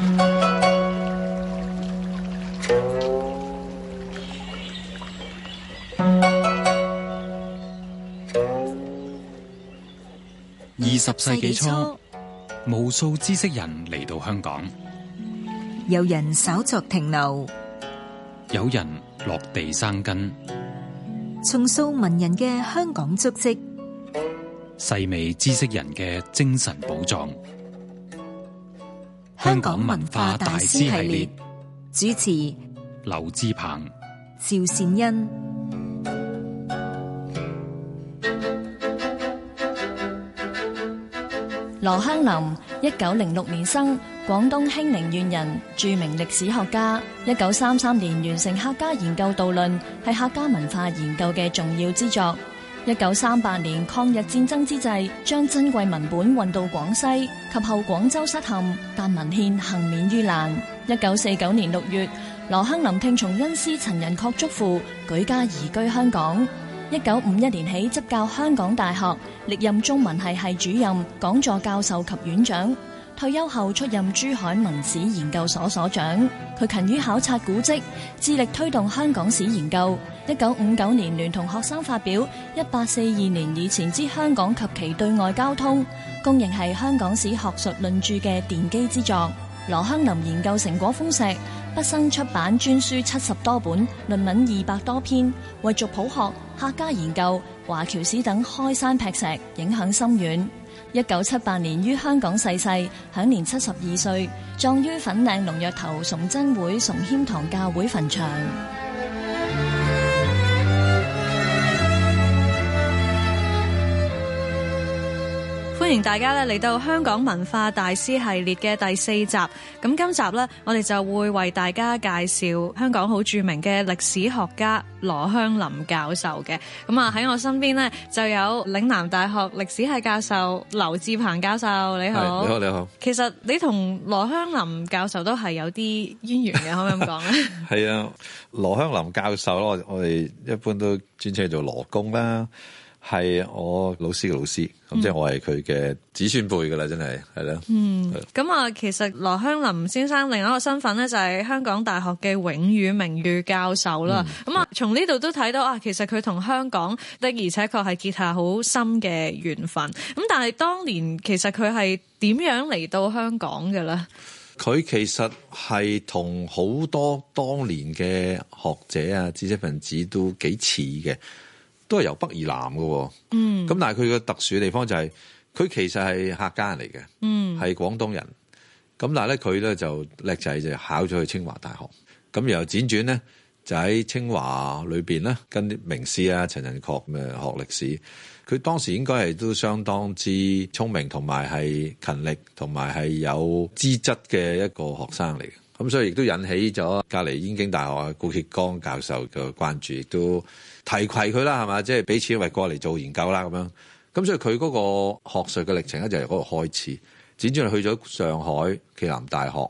二十世紀初，無數知識人嚟到香港，有人稍作停留，有人落地生根，重塑文人嘅香港足跡，細味知識人嘅精神寶藏。香港文化大師系列，師系列主持：劉志鵬、趙善恩、羅香林。一九零六年生，廣東興寧縣人，著名歷史學家。一九三三年完成《客家研究導論》，係客家文化研究嘅重要之作。一九三八年抗日戰爭之際，將珍貴文本運到廣西，及後廣州失陷，但文獻幸免於難。一九四九年六月，羅香林聽從恩師陳寅恪囑咐，舉家移居香港。一九五一年起，執教香港大學，歷任中文系系主任、講座教授及院長。退休後，出任珠海文史研究所所長。佢勤於考察古跡，致力推動香港史研究。一九五九年，聯同學生發表《一八四二年以前之香港及其對外交通》，公認係香港史學術論著嘅奠基之作。羅香林研究成果豐碩，畢生出版專書七十多本，論文二百多篇，為族譜學、客家研究、華僑史等開山劈石，影響深遠。一九七八年於香港逝世，享年七十二歲，葬於粉嶺龍躍頭崇真會崇謙堂教會墳場。歡迎大家咧嚟到香港文化大師系列嘅第四集。咁今集呢，我哋就會為大家介紹香港好著名嘅歷史學家羅香林教授嘅。咁啊喺我身邊呢，就有嶺南大學歷史系教授劉智鵬教授，你好。你好，你好。其實你同羅香林教授都係有啲淵源嘅，可唔 可以咁講呢？係啊，羅香林教授，我我哋一般都尊稱做羅公啦。係我老師嘅老師，咁、嗯、即係我係佢嘅子孫輩噶啦，真係係啦嗯，咁啊的、嗯，其實羅香林先生另外一個身份咧，就係香港大學嘅永譽名譽教授啦。咁啊、嗯，從呢度都睇到啊，其實佢同香港的而且確係結下好深嘅緣分。咁但係當年其實佢係點樣嚟到香港嘅咧？佢其實係同好多當年嘅學者啊、知識分子都幾似嘅。都係由北而南嘅，咁、嗯、但係佢嘅特殊地方就係、是、佢其實係客家人嚟嘅，係、嗯、廣東人。咁但係咧，佢咧就叻仔就考咗去清華大學。咁然後輾轉咧就喺清華裏邊咧跟啲名師啊陳寅恪咁誒學歷史。佢當時應該係都相當之聰明，同埋係勤力，同埋係有資質嘅一個學生嚟嘅。咁、嗯、所以亦都引起咗隔離燕京大學顧頡剛教授嘅關注，亦都提携佢啦，係嘛？即係俾錢因為過嚟做研究啦，咁樣，咁、嗯、所以佢嗰個學術嘅歷程咧，就係嗰度開始，輾轉去咗上海暨南大學，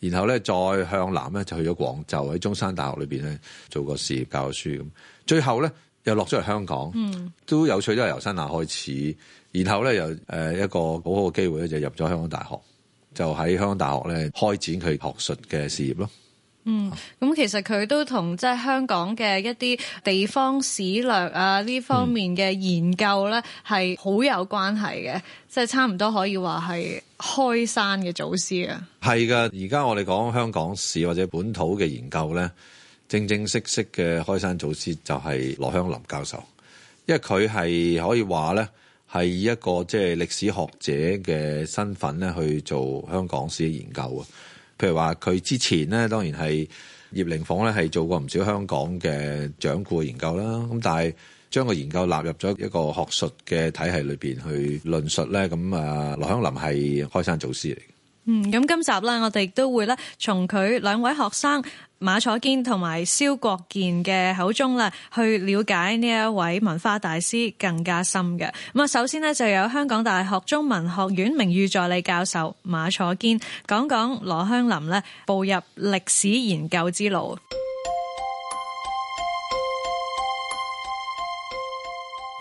然後咧再向南咧就去咗廣州喺中山大學裏邊咧做過事業教書，咁，最後咧又落咗嚟香港，嗯，都有趣都係由新亞開始，然後咧又誒、呃、一個好好嘅機會咧就入咗香港大學。就喺、嗯、香港大學咧開展佢學術嘅事業咯。嗯，咁其實佢都同即係香港嘅一啲地方史略啊呢方面嘅研究咧係好有關係嘅，即係、嗯、差唔多可以話係開山嘅祖師啊。係噶，而家我哋講香港史或者本土嘅研究咧，正正式式嘅開山祖師就係羅香林教授，因為佢係可以話咧。係以一個即係歷史學者嘅身份咧去做香港史嘅研究啊，譬如話佢之前咧，當然係葉靈鳳咧係做過唔少香港嘅掌故研究啦，咁但係將個研究納入咗一個學術嘅體系裏邊去論述咧，咁啊羅香林係開山祖師嚟嘅。嗯，咁今集啦，我哋亦都會咧從佢兩位學生。馬楚堅同埋蕭國健嘅口中啦，去了解呢一位文化大師更加深嘅。咁啊，首先咧就有香港大學中文學院名譽助理教授馬楚堅講講羅香林咧步入歷史研究之路。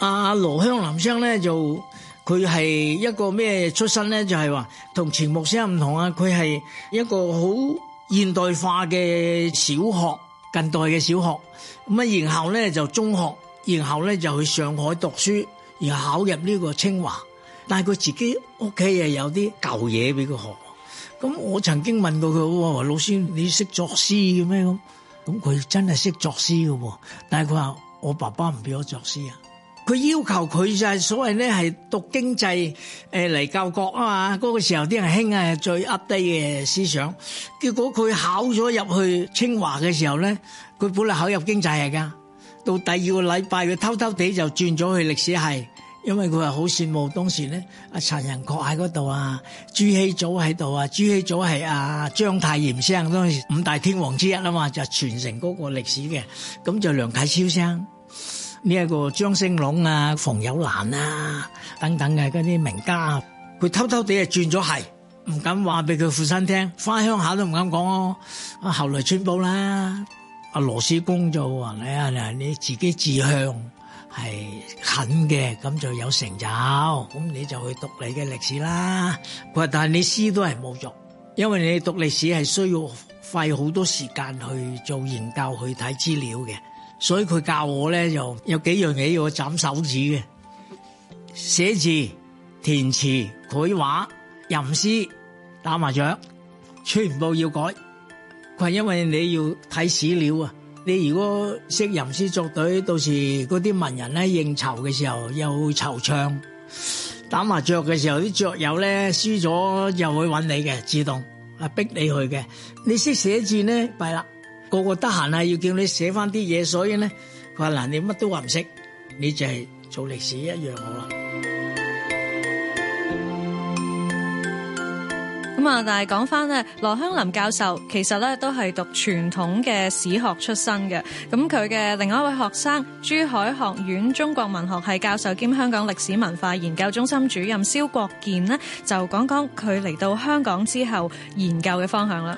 阿羅、啊、香林生咧就佢係一個咩出身咧？就係、是、話同錢穆生唔同啊，佢係一個好。現代化嘅小學，近代嘅小學，咁啊，然後咧就中學，然後咧就去上海讀書，然後考入呢個清華。但係佢自己屋企又有啲舊嘢俾佢學。咁我曾經問過佢：喂，老師，你識作詩嘅咩？咁咁佢真係識作詩嘅。但係佢話：我爸爸唔俾我作詩啊。佢要求佢就係所謂咧係讀經濟誒嚟教國啊嘛，嗰個時候啲人興係最 update 嘅思想。結果佢考咗入去清華嘅時候咧，佢本來考入經濟系噶，到第二個禮拜佢偷偷地就轉咗去歷史系，因為佢係好羨慕當時咧阿陳寅恪喺嗰度啊，朱希祖喺度啊，朱希祖係阿章太炎生當時五大天王之一啊嘛，就傳承嗰個歷史嘅，咁就梁啟超生。呢一個張星烺啊、馮友蘭啊等等嘅嗰啲名家，佢偷偷哋啊轉咗系，唔敢話俾佢父親聽，翻鄉下都唔敢講。啊，後來穿煲啦。阿羅斯公做，你啊，你自己志向係肯嘅，咁就有成就。咁你就去讀你嘅歷史啦。佢話但係你書都係冇讀，因為你讀歷史系需要費好多時間去做研究，去睇資料嘅。所以佢教我咧，就有幾樣嘢要我斬手指嘅，寫字、填詞、繪畫、吟詩、打麻雀，全部要改。佢係因為你要睇史料啊，你如果識吟詩作對，到時嗰啲文人咧應酬嘅時候又會惆悵，打麻雀嘅時候啲雀友咧輸咗又會揾你嘅，自動啊逼你去嘅。你識寫字咧，弊啦。個個得閒啊，要叫你寫翻啲嘢。所以呢，佢話嗱，你乜都話唔識，你就係做歷史一樣好啦。咁啊，但係講翻呢，羅香林教授其實呢都係讀傳統嘅史學出身嘅。咁佢嘅另外一位學生，珠海學院中國文學系教授兼香港歷史文化研究中心主任蕭國健呢，就講講佢嚟到香港之後研究嘅方向啦。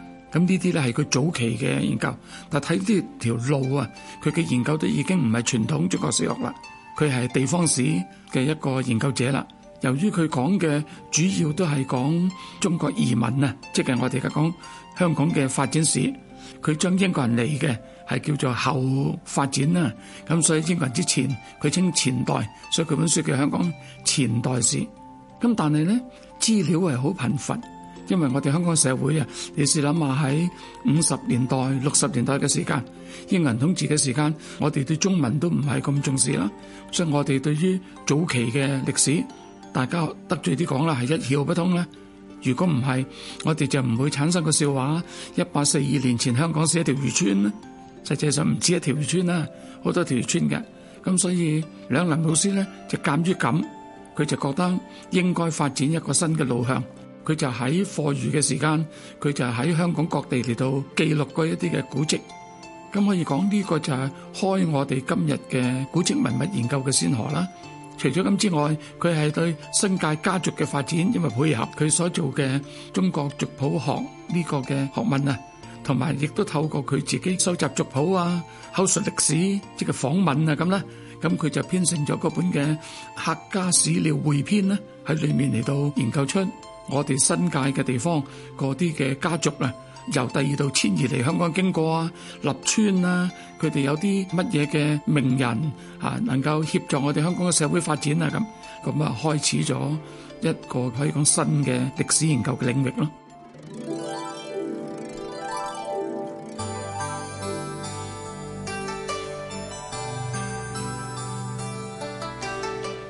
咁呢啲咧係佢早期嘅研究，但睇呢條路啊，佢嘅研究都已經唔係傳統中國史學啦，佢係地方史嘅一個研究者啦。由於佢講嘅主要都係講中國移民啊，即係我哋而家講香港嘅發展史，佢將英國人嚟嘅係叫做後發展啊，咁所以英國人之前佢稱前代，所以佢本書叫《香港前代史》。咁但係咧資料係好貧乏。因為我哋香港社會啊，你試諗下喺五十年代、六十年代嘅時間，英文統治嘅時間，我哋對中文都唔係咁重視啦，所以我哋對於早期嘅歷史，大家得罪啲講啦，係一竅不通咧。如果唔係，我哋就唔會產生個笑話：一八四二年前香港是一條漁村咧，實際上唔止一條漁村啦，好多條漁村嘅。咁所以羅香林老師咧就鑑於咁，佢就覺得應該發展一個新嘅路向。佢就喺課餘嘅時間，佢就喺香港各地嚟到記錄嗰一啲嘅古蹟，咁可以講呢個就係開我哋今日嘅古蹟文物研究嘅先河啦。除咗咁之外，佢係對新界家族嘅發展，因為配合佢所做嘅中國族譜學呢個嘅學問啊，同埋亦都透過佢自己收集族譜啊、口述歷史即係訪問啊咁咧，咁佢就編成咗嗰本嘅《客家史料匯編》咧，喺裏面嚟到研究出。我哋新界嘅地方，嗰啲嘅家族啊，由第二度遷移嚟香港經過啊，立村啊，佢哋有啲乜嘢嘅名人啊，能夠協助我哋香港嘅社會發展啊，咁咁啊，開始咗一個可以講新嘅歷史研究嘅領域咯。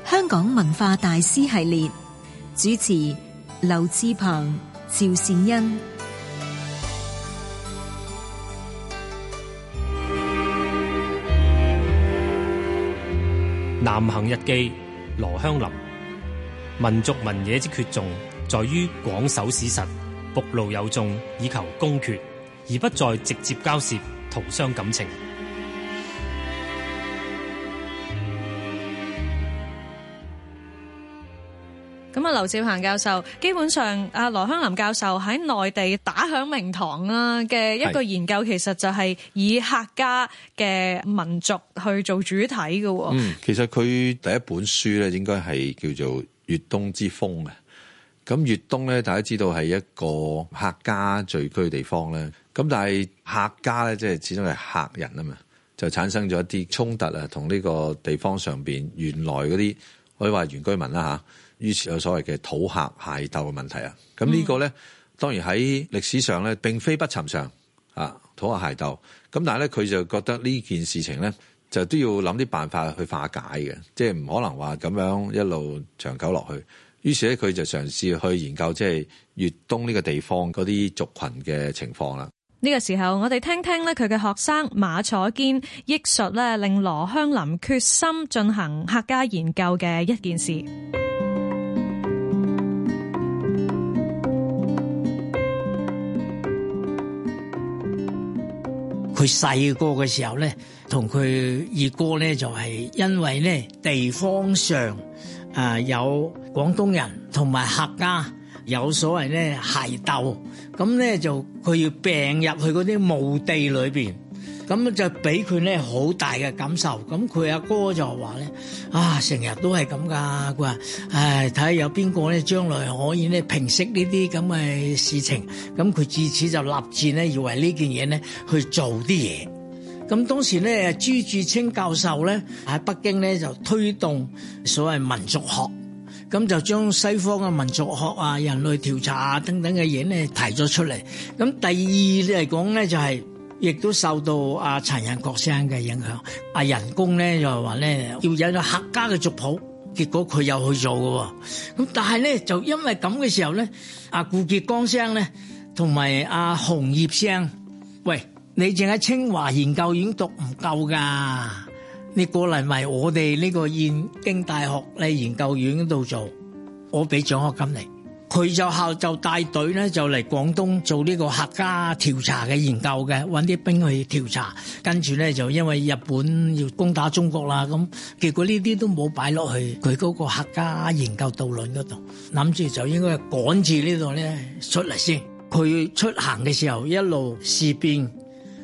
香港文化大師系列主持。劉志鵬、趙善恩，《南行日記》羅香林，《民族文野之決重，在於廣守史實，暴露有眾，以求公決，而不再直接交涉，徒傷感情。》劉志鵬教授基本上，阿羅香林教授喺內地打響名堂啦嘅一個研究，是其實就係以客家嘅民族去做主體嘅。嗯，其實佢第一本書咧，應該係叫做《粵東之風》啊。咁粵東咧，大家知道係一個客家聚居嘅地方咧。咁但係客家咧，即係始終係客人啊嘛，就產生咗一啲衝突啊，同呢個地方上邊原來嗰啲可以話原居民啦吓。於是有所謂嘅土客械鬥嘅問題啊。咁呢個呢，嗯、當然喺歷史上呢，並非不尋常啊。土客械鬥咁，但係咧佢就覺得呢件事情呢，就都要諗啲辦法去化解嘅，即係唔可能話咁樣一路長久落去。於是咧佢就嘗試去研究，即係粵東呢個地方嗰啲族群嘅情況啦。呢個時候，我哋聽聽咧佢嘅學生馬楚堅憶述咧，令羅香林決心進行客家研究嘅一件事。佢細個嘅時候咧，同佢二哥咧就係因為咧地方上啊有廣東人同埋客家有所謂咧械鬥，咁咧就佢要病入去嗰啲墓地裏邊。咁就俾佢咧好大嘅感受，咁佢阿哥就話咧：啊，成日都係咁噶？佢話，唉，睇下有邊個咧將來可以咧平息呢啲咁嘅事情，咁佢自此就立志咧要為呢件嘢咧去做啲嘢。咁當時咧朱自清教授咧喺北京咧就推動所謂民族學，咁就將西方嘅民族學啊、人類調查啊等等嘅嘢咧提咗出嚟。咁第二嚟講咧就係。亦都受到阿陳寅恪生嘅影響，阿人工咧就話咧要有咗客家嘅族譜，結果佢又去做嘅。咁但係咧就因為咁嘅時候咧，阿顧頡剛生咧同埋阿洪業生，喂，你淨喺清華研究院讀唔夠噶，你過嚟埋我哋呢個燕京大學嘅研究院度做，我俾獎學金你。佢就後就帶隊咧，就嚟廣東做呢個客家調查嘅研究嘅，揾啲兵去調查，跟住咧就因為日本要攻打中國啦，咁結果呢啲都冇擺落去佢嗰個客家研究導論嗰度，諗住就應該趕住呢度咧出嚟先。佢出行嘅時候一路事變，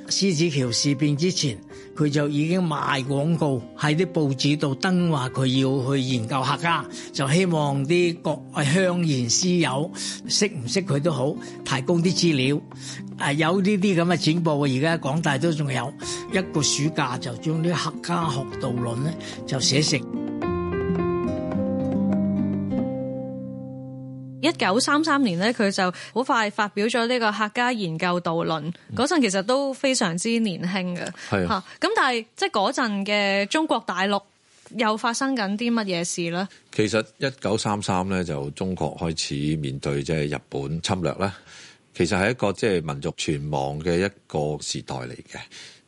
獅子橋事變之前。佢就已經賣廣告喺啲報紙度登，話佢要去研究客家，就希望啲各鄉賢師友識唔識佢都好，提供啲資料。誒有呢啲咁嘅展報，而家廣大都仲有。一個暑假就將啲客家學道論咧就寫成。一九三三年咧，佢就好快發表咗呢個客家研究導論。嗰陣、嗯、其實都非常之年輕嘅，吓咁的、嗯。但係即係嗰陣嘅中國大陸又發生緊啲乜嘢事咧？其實一九三三咧就中國開始面對即係日本侵略啦。其實係一個即係民族存亡嘅一個時代嚟嘅。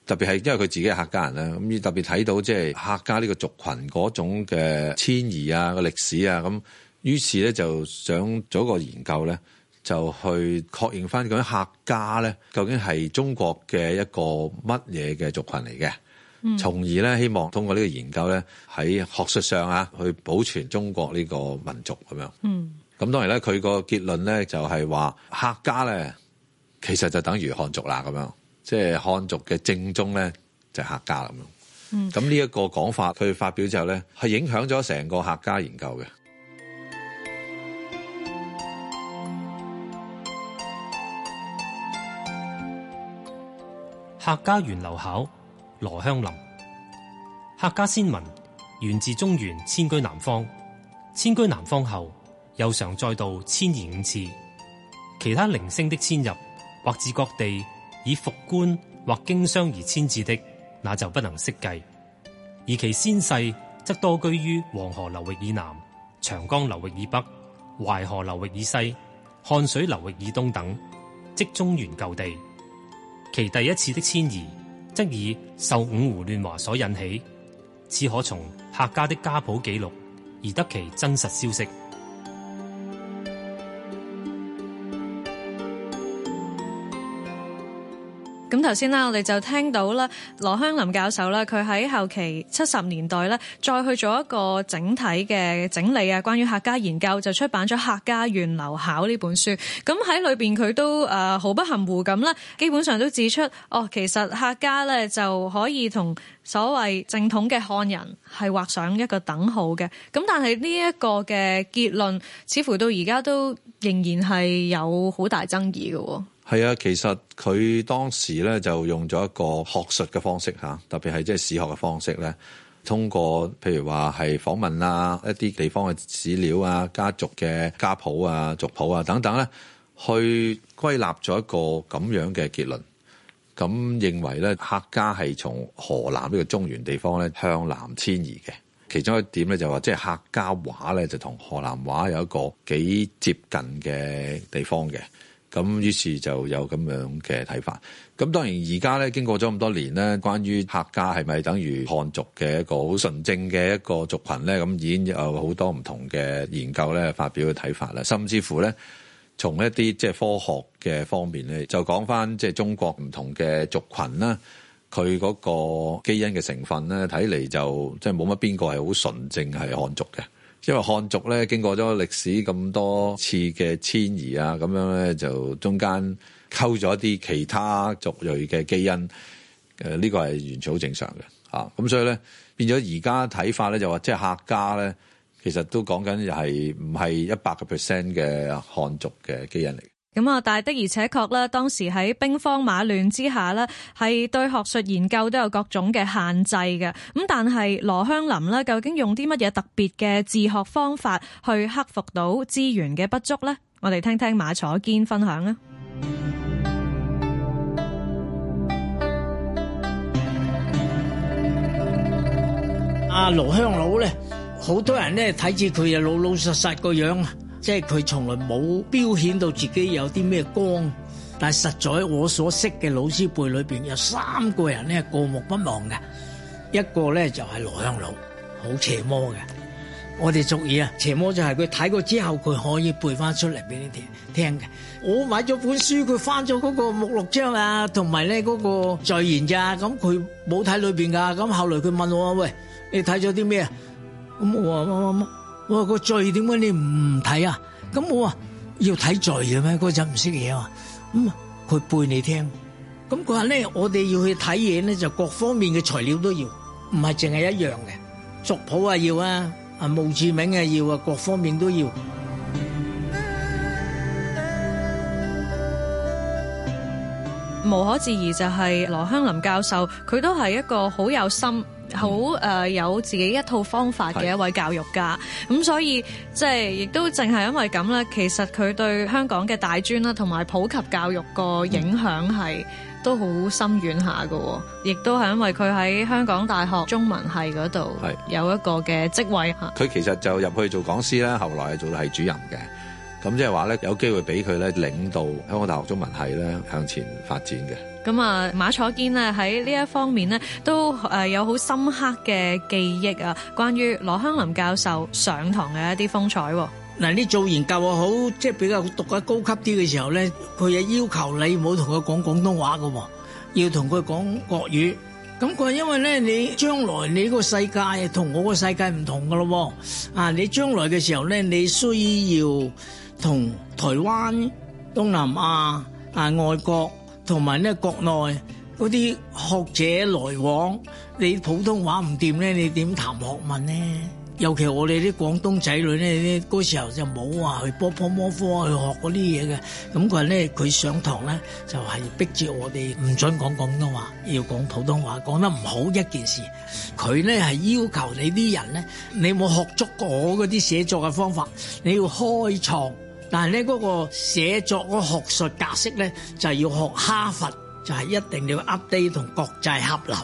特別係因為佢自己係客家人啦，咁特別睇到即係客家呢個族群嗰種嘅遷移啊、個歷史啊咁。於是咧，就想做一個研究咧，就去確認翻咁樣客家咧，究竟係中國嘅一個乜嘢嘅族群嚟嘅。從、嗯、而咧，希望通過呢個研究咧，喺學術上啊，去保存中國呢個民族咁樣。嗯，咁當然咧，佢個結論咧就係話客家咧其實就等於漢族啦，咁樣即係漢族嘅正宗咧就客家咁樣。嗯，咁呢一個講法佢發表之後咧，係影響咗成個客家研究嘅。客家源流考，羅香林。客家先民源自中原，遷居南方。遷居南方後，又常再度遷移五次。其他零星的遷入，或至各地以服官或經商而遷至的，那就不能悉計。而其先世，則多居於黃河流域以南、長江流域以北、淮河流域以西、漢水流域以東等，即中原舊地。其第一次的遷移則以受五胡亂華所引起，此可從客家的家譜記錄而得其真實消息。咁頭先啦，我哋就聽到啦，羅香林教授啦，佢喺後期七十年代咧，再去做一個整體嘅整理啊，關於客家研究就出版咗《客家源流考》呢本書。咁喺裏面，佢都誒毫不含糊咁啦，基本上都指出哦，其實客家咧就可以同所謂正統嘅漢人係劃上一個等號嘅。咁但係呢一個嘅結論，似乎到而家都仍然係有好大爭議嘅，哦。係啊，其實佢當時咧就用咗一個學術嘅方式吓，特別係即係史學嘅方式咧，通過譬如話係訪問啊、一啲地方嘅史料啊、家族嘅家譜啊、族譜啊等等咧，去歸納咗一個咁樣嘅結論。咁認為咧，客家係從河南呢個中原地方咧向南遷移嘅。其中一點咧就話，即係客家話咧就同河南話有一個幾接近嘅地方嘅。咁於是就有咁樣嘅睇法。咁當然而家咧經過咗咁多年咧，關於客家係咪等於漢族嘅一個好純正嘅一個族群咧，咁已經有好多唔同嘅研究咧發表嘅睇法啦。甚至乎咧，從一啲即係科學嘅方面咧，就講返即係中國唔同嘅族群啦，佢嗰個基因嘅成分咧，睇嚟就即係冇乜邊個係好純正係漢族嘅。因為漢族咧經過咗歷史咁多次嘅遷移啊，咁樣咧就中間溝咗一啲其他族類嘅基因，誒、這、呢個係完全好正常嘅吓。咁所以咧變咗而家睇法咧就話，即係客家咧其實都講緊就係唔係一百個 percent 嘅漢族嘅基因嚟。咁啊！但係的而且確啦。當時喺兵荒馬亂之下呢係對學術研究都有各種嘅限制嘅。咁但係羅香林呢，究竟用啲乜嘢特別嘅自學方法去克服到資源嘅不足呢？我哋聽聽馬楚堅分享啦。阿羅香老呢，好多人呢，睇住佢又老老實實個樣，即係佢從來冇標顯到自己有啲咩光，但係實在我所識嘅老師輩裏邊有三個人咧過目不忘嘅，一個咧就係羅香老，好邪魔嘅。我哋俗語啊，邪魔就係佢睇過之後佢可以背翻出嚟俾你聽嘅。我買咗本書，佢翻咗嗰個目錄啫嘛，同埋咧嗰個序言咋，咁佢冇睇裏邊噶，咁後來佢問我話：喂，你睇咗啲咩？咁我話乜乜乜。我個序點解你唔睇啊？咁我話要睇序嘅咩？嗰陣唔識嘢啊，咁佢背你聽。咁佢話咧，我哋要去睇嘢咧，就各方面嘅材料都要，唔係淨係一樣嘅族譜啊要啊，啊墓誌銘啊要啊，各方面都要。無可置疑就係羅香林教授，佢都係一個好有心，好誒，有自己一套方法嘅一位教育家，咁是所以即係，亦都淨係因為咁啦，其實佢對香港嘅大專啦，同埋普及教育個影響係都好深遠下嘅，亦都係因為佢喺香港大學中文系嗰度有一個嘅職位吓。佢其實就入去做講師啦，後來做系主任嘅。咁即係話咧，有機會俾佢咧領導香港大學中文系咧向前發展嘅。咁啊，馬楚堅啊喺呢一方面咧都誒有好深刻嘅記憶啊。關於羅香林教授上堂嘅一啲風采。嗱，你做研究啊，好，即係比較讀得高級啲嘅時候咧，佢又要求你唔好同佢講廣東話噶，要同佢講國語。咁佢話因為咧，你將來你個世界同我個世界唔同噶咯。啊，你將來嘅時候咧，你需要。同台灣、東南亞、啊，外國，同埋咧國內嗰啲學者來往，你普通話唔掂咧，你點談學問咧？尤其我哋啲廣東仔女咧，嗰時候就冇話去波波摩科去學嗰啲嘢嘅，咁佢咧佢上堂咧就係逼住我哋唔准講廣東話，要講普通話，講得唔好一件事。佢咧係要求你啲人咧，你冇學足我嗰啲寫作嘅方法，你要開創。但係咧嗰個寫作嗰學術格式咧，就係要學哈佛，就係一定要 update 同國際合流，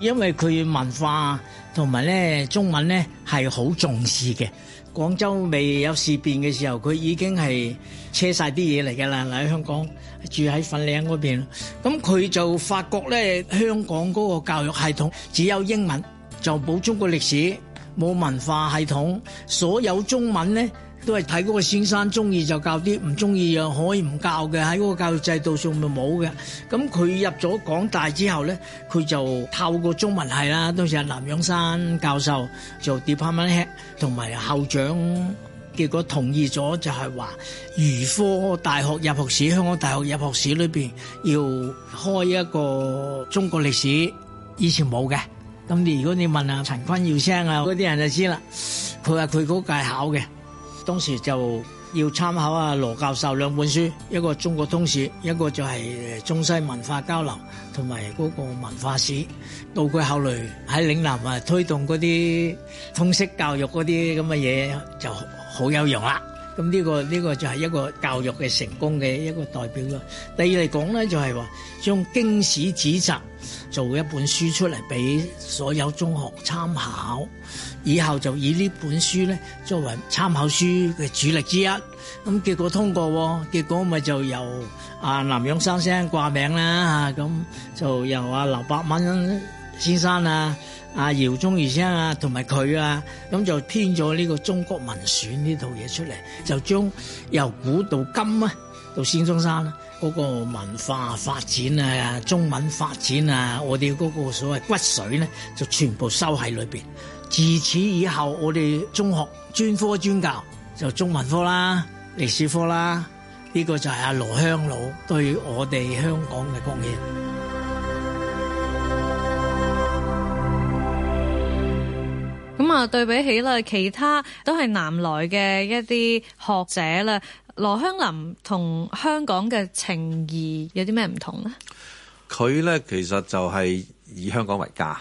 因為佢文化同埋咧中文咧係好重視嘅。廣州未有事變嘅時候，佢已經係車曬啲嘢嚟嘅啦。嚟香港住喺粉嶺嗰邊，咁佢就發覺咧香港嗰個教育系統只有英文，就冇中國歷史，冇文化系統，所有中文咧。都係睇嗰個先生中意就教啲，唔中意又可以唔教嘅，喺嗰個教育制度上咪冇嘅。咁佢入咗港大之後咧，佢就透過中文系啦，當時有林仰山教授做 department head 同埋校長，結果同意咗就係話，預科大學入學試、香港大學入學試裏面要開一個中國歷史，以前冇嘅。咁你如果你問阿陳坤耀聲啊，嗰啲人就知啦。佢話佢嗰屆考嘅。當時就要參考啊羅教授兩本書，一個中國通史，一個就係中西文化交流同埋嗰個文化史，到佢後來喺嶺南啊推動嗰啲通識教育嗰啲咁嘅嘢就好有用啦。咁呢個呢個就係一個教育嘅成功嘅一個代表咯。第二嚟講咧，就係話將經史子集做一本書出嚟，俾所有中學參考。以後就以呢本書咧作為參考書嘅主力之一，咁結果通過，結果咪就由啊林仰山先生掛名啦嚇，咁就由阿劉百閔先生啊、饒宗頤先生啊同埋佢啊，咁就編咗呢、這個《中國文選》呢套嘢出嚟，就將由古到今啊，到孫中山嗰、那個文化發展啊、中文發展啊，我哋嗰個所謂骨髓咧，就全部收喺裏面。自此以後，我哋中學專科專教就中文科啦、歷史科啦，呢個就係阿羅香林對我哋香港嘅貢獻。咁啊，對比起咧其他都係南來嘅一啲學者啦，羅香林同香港嘅情誼有啲咩唔同呢？佢咧其實就係以香港為家，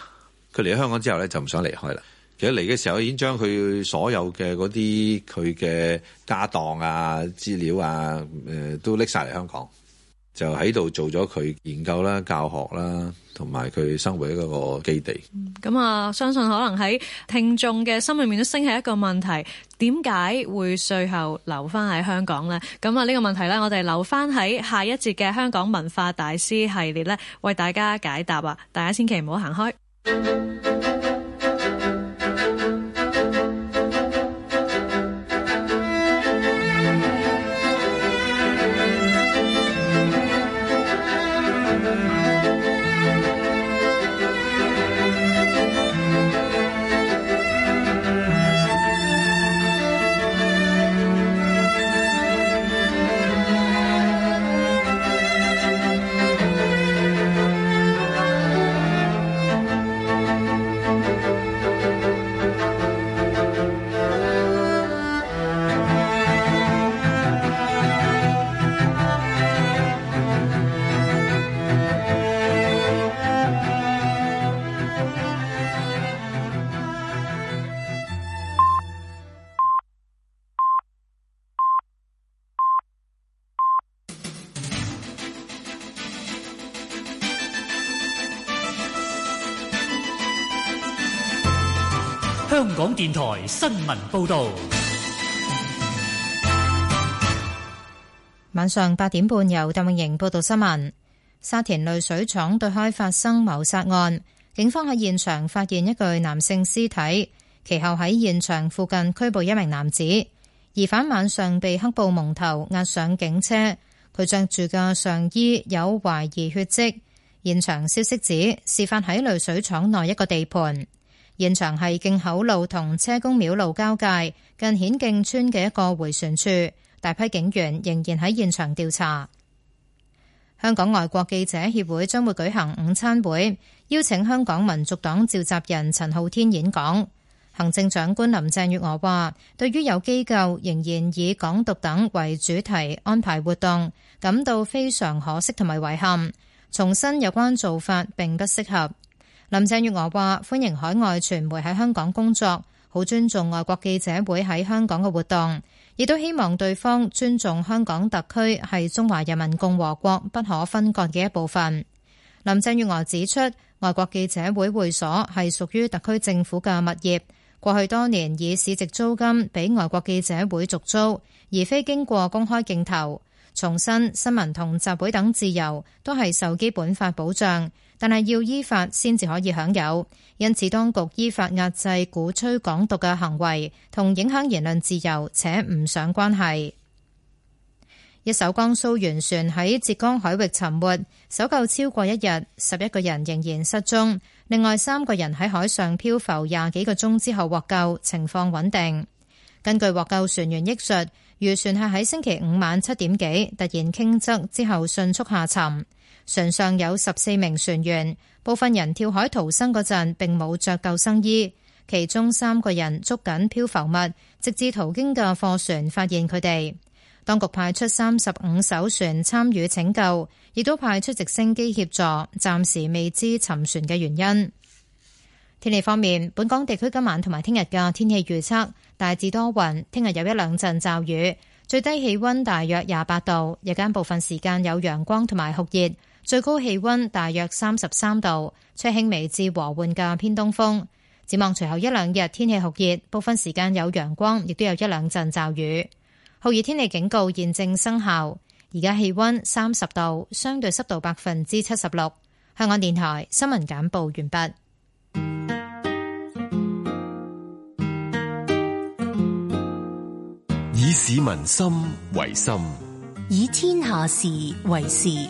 佢嚟咗香港之後咧就唔想離開啦。佢嚟嘅時候已經將佢所有嘅嗰啲佢嘅家當啊、資料啊，誒、呃、都拎晒嚟香港，就喺度做咗佢研究啦、啊、教學啦、啊，同埋佢生活嗰個基地。咁啊、嗯嗯嗯，相信可能喺聽眾嘅心裏面都升起一個問題：點解會最後留翻喺香港呢？咁啊，呢個問題呢，我哋留翻喺下一節嘅《香港文化大師》系列呢，為大家解答啊！大家千祈唔好行開。香港電台新聞報道，晚上八點半由鄧穎瑩報道新聞。沙田濾水廠對開發生謀殺案，警方喺現場發現一具男性屍體，其後喺現場附近拘捕一名男子。疑犯晚上被黑布蒙頭押上警車，佢着住嘅上衣有懷疑血跡。現場消息指，事發喺濾水廠內一個地盤。現場係徑口路同車公廟路交界，近顯徑村嘅一個回旋處，大批警員仍然喺現場調查。香港外國記者協會將會舉行午餐會，邀請香港民族黨召集人陳浩天演講。行政長官林鄭月娥話，對於有機構仍然以港獨等為主題安排活動，感到非常可惜同埋遺憾，重申有關做法並不適合。林鄭月娥話：歡迎海外傳媒喺香港工作，好尊重外國記者會喺香港嘅活動，亦都希望對方尊重香港特區係中華人民共和國不可分割嘅一部分。林鄭月娥指出，外國記者會會所係屬於特區政府嘅物業，過去多年以市值租金俾外國記者會續租，而非經過公開競投。重申新聞同集會等自由都係受基本法保障。但係要依法先至可以享有，因此當局依法壓制鼓吹港獨嘅行為，同影響言論自由扯唔上關係。一艘江蘇漁船喺浙江海域沉沒，搜救超過一日，十一個人仍然失蹤，另外三個人喺海上漂浮廿幾個鐘之後獲救，情況穩定。根據獲救船員憶述，漁船係喺星期五晚七點幾突然傾側之後迅速下沉。船上有十四名船員，部分人跳海逃生嗰陣並冇着救生衣，其中三個人捉緊漂浮物，直至途經嘅貨船發現佢哋。當局派出三十五艘船參與拯救，亦都派出直升機協助。暫時未知沉船嘅原因。天氣方面，本港地區今晚同埋聽日嘅天氣預測大致多雲，聽日有一兩陣驟雨，最低氣溫大約廿八度，日間部分時間有陽光同埋酷熱。最高氣溫大約三十三度，吹輕微至和緩嘅偏東風。展望隨後一兩日天氣酷熱，部分時間有陽光，亦都有一兩陣驟雨。酷熱天氣警告現正生效。而家氣溫三十度，相對濕度百分之七十六。香港電台新聞簡報完畢。以市民心為心，以天下事為事。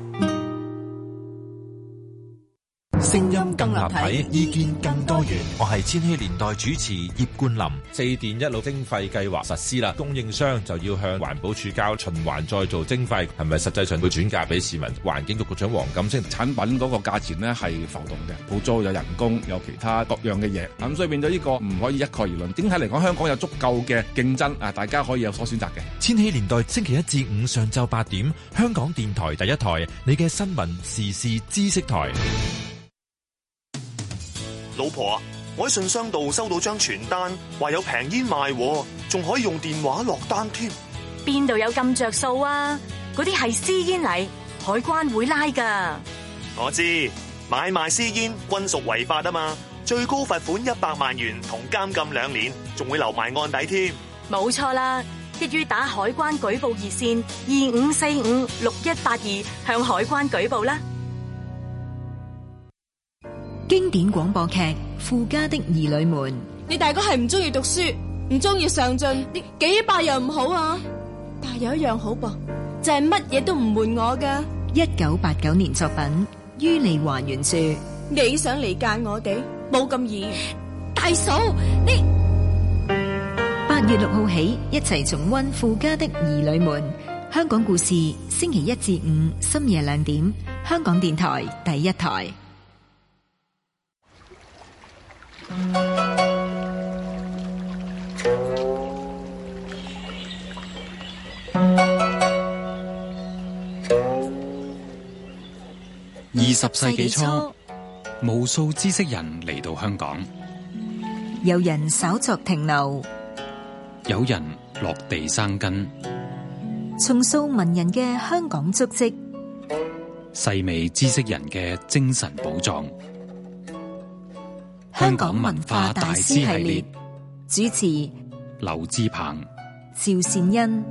聲音更立體，體意見更多元。我係千禧年代主持葉冠霖。四電一路徵費計劃實施啦，供應商就要向環保署交循環再造徵費，係咪實際上會轉嫁俾市民？環境局局長黃錦星：產品嗰個價錢呢係浮動嘅，鋪租有人工有其他各樣嘅嘢，咁所以變咗呢個唔可以一概而論。整體嚟講，香港有足夠嘅競爭啊，大家可以有所選擇嘅。千禧年代星期一至五上晝八點，香港電台第一台，你嘅新聞時事知識台。老婆，我喺信箱度收到張傳單，話有平煙賣，賣，仲可以用電話落單添。邊度有咁着數啊？嗰啲係私煙嚟，海關會拉㗎。我知，買賣私煙均屬違法啊嘛，最高罰款一百萬元同監禁兩年，仲會留埋案底添。冇錯啦，一於打海關舉報熱線二五四五六一八二向海關舉報啦。經典廣播劇《富家的兒女們》，你大哥係唔中意讀書，唔中意上進，你幾百又唔好啊！但係有一樣好噃，就係乜嘢都唔瞞我噶。一九八九年作品，於利華原著。你想離間我哋，冇咁易。大嫂，你八月六號起一齊重溫《富家的兒女們》。香港故事，星期一至五深夜兩點，香港電台第一台。二十世紀初，無數知識人嚟到香港，有人稍作停留，有人落地生根，重塑文人嘅香港足跡，細味知識人嘅精神寶藏。香港文化大師系列主持：劉志鵬、趙善恩。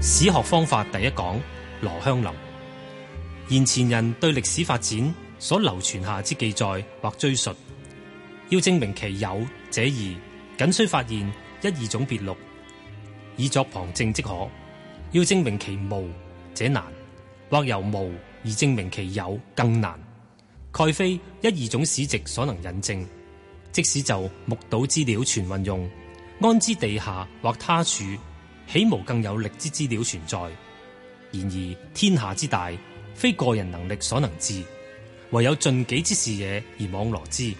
史學方法第一講，羅香林。現前人對歷史發展所流傳下之記載或追述，要證明其有者易，僅需發現一二種別錄，以作旁證即可。要證明其無者難，或由無而證明其有更難，蓋非一二種史籍所能引證。即使就目睹資料全運用，安知地下或他處，豈無更有力之資料存在？然而天下之大，非個人能力所能治，唯有盡己之事也，而網羅之，